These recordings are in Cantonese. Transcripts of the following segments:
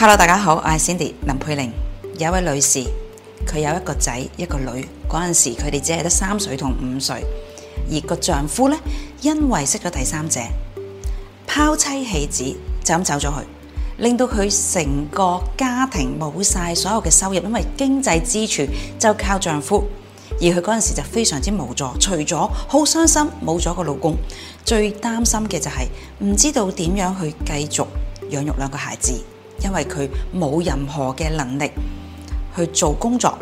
Hello，大家好，我係 Cindy 林佩玲。有一位女士，佢有一個仔一個女嗰陣時，佢哋只係得三歲同五歲。而個丈夫咧，因為識咗第三者，拋妻棄子就咁走咗去，令到佢成個家庭冇晒所有嘅收入，因為經濟支柱就靠丈夫。而佢嗰陣時就非常之無助，除咗好傷心冇咗個老公，最擔心嘅就係、是、唔知道點樣去繼續養育兩個孩子。因為佢冇任何嘅能力去做工作，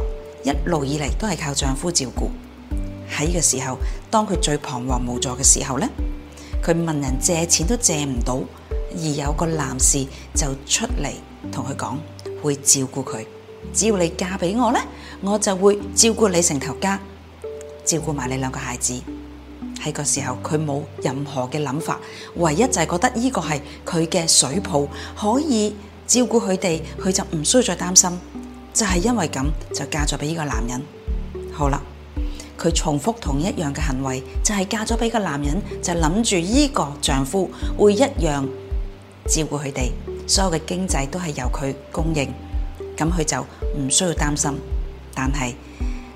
一路以嚟都係靠丈夫照顧。喺個時候，當佢最彷徨無助嘅時候咧，佢問人借錢都借唔到，而有個男士就出嚟同佢講，會照顧佢，只要你嫁俾我咧，我就會照顧你成頭家，照顧埋你兩個孩子。喺個時候，佢冇任何嘅諗法，唯一就係覺得呢個係佢嘅水泡可以照顧佢哋，佢就唔需要再擔心。就係因為咁，就嫁咗俾呢個男人。好啦，佢重複同一樣嘅行為，就係嫁咗俾個男人，就諗住呢個丈夫會一樣照顧佢哋，所有嘅經濟都係由佢供應，咁佢就唔需要擔心。但係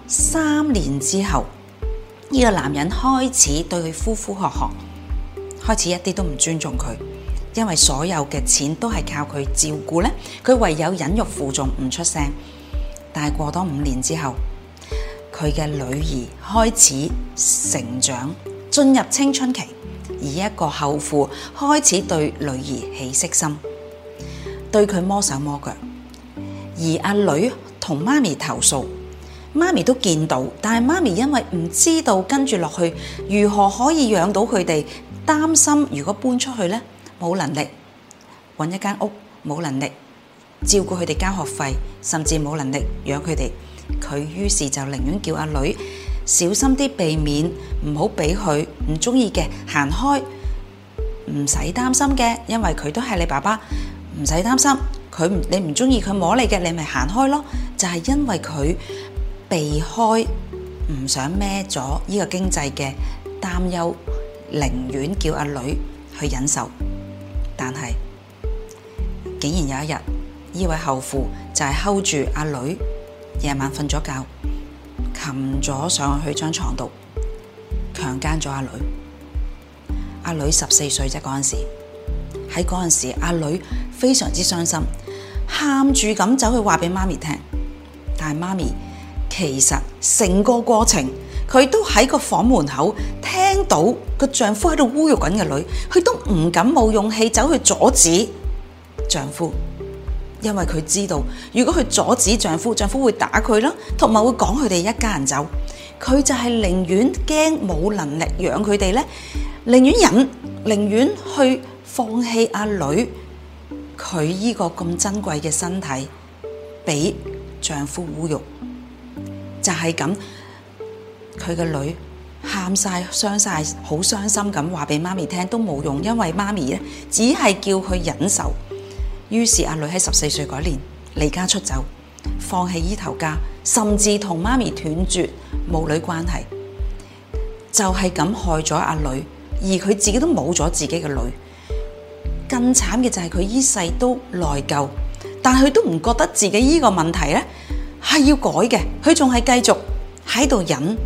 三年之後，呢個男人開始對佢呼呼喝喝，開始一啲都唔尊重佢。因為所有嘅錢都係靠佢照顧呢，佢唯有忍辱負重唔出聲。但過多五年之後，佢嘅女兒開始成長，進入青春期，而一個後父開始對女兒起色心，對佢摸手摸腳。而阿女同媽咪投訴，媽咪都見到，但係媽咪因為唔知道跟住落去如何可以養到佢哋，擔心如果搬出去呢。冇能力揾一間屋，冇能力照顧佢哋交學費，甚至冇能力養佢哋。佢於是就寧願叫阿女小心啲，避免唔好俾佢唔中意嘅行開，唔使擔心嘅，因為佢都係你爸爸，唔使擔心佢你唔中意佢摸你嘅，你咪行開咯。就係、係、因為佢避開唔想孭咗呢個經濟嘅擔憂，寧願叫阿女去忍受。但係，竟然有一日，呢位後父就係 hold 住阿女，夜晚瞓咗覺，擒咗上去張床度，強姦咗阿女。阿女十四歲啫，嗰陣時喺嗰陣時，阿女非常之傷心，喊住咁走去話俾媽咪聽。但係媽咪其實成個過程，佢都喺個房門口聽。到個丈夫喺度侮辱緊嘅女，佢都唔敢冇勇氣走去阻止丈夫，因為佢知道如果佢阻止丈夫，丈夫會打佢啦，同埋會講佢哋一家人走。佢就係寧願驚冇能力養佢哋咧，寧願忍，寧願去放棄阿女，佢依個咁珍貴嘅身體俾丈夫侮辱，就係咁，佢嘅女。喊晒、傷晒、好傷心咁話俾媽咪聽都冇用，因為媽咪咧只係叫佢忍受。於是阿女喺十四歲嗰年離家出走，放棄依頭家，甚至同媽咪斷絕母女關係，就係、是、咁害咗阿女，而佢自己都冇咗自己嘅女。更慘嘅就係佢依世都內疚，但係佢都唔覺得自己呢個問題咧係要改嘅，佢仲係繼續喺度忍。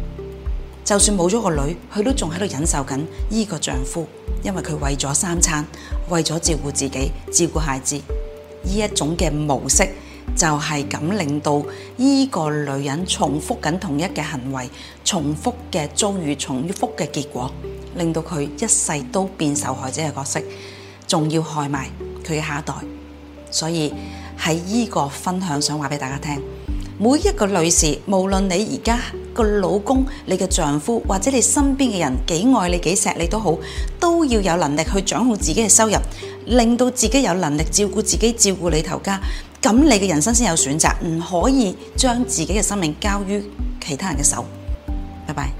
就算冇咗個女，佢都仲喺度忍受緊呢個丈夫，因為佢為咗三餐，為咗照顧自己、照顧孩子，呢一種嘅模式就係咁令到呢個女人重複緊同一嘅行為，重複嘅遭遇，重複嘅結果，令到佢一世都變受害者嘅角色，仲要害埋佢嘅下一代。所以喺呢個分享想話俾大家聽，每一個女士，無論你而家。個老公，你嘅丈夫或者你身邊嘅人幾愛你、幾錫你都好，都要有能力去掌控自己嘅收入，令到自己有能力照顧自己、照顧你頭家，咁你嘅人生先有選擇，唔可以將自己嘅生命交於其他人嘅手。拜拜。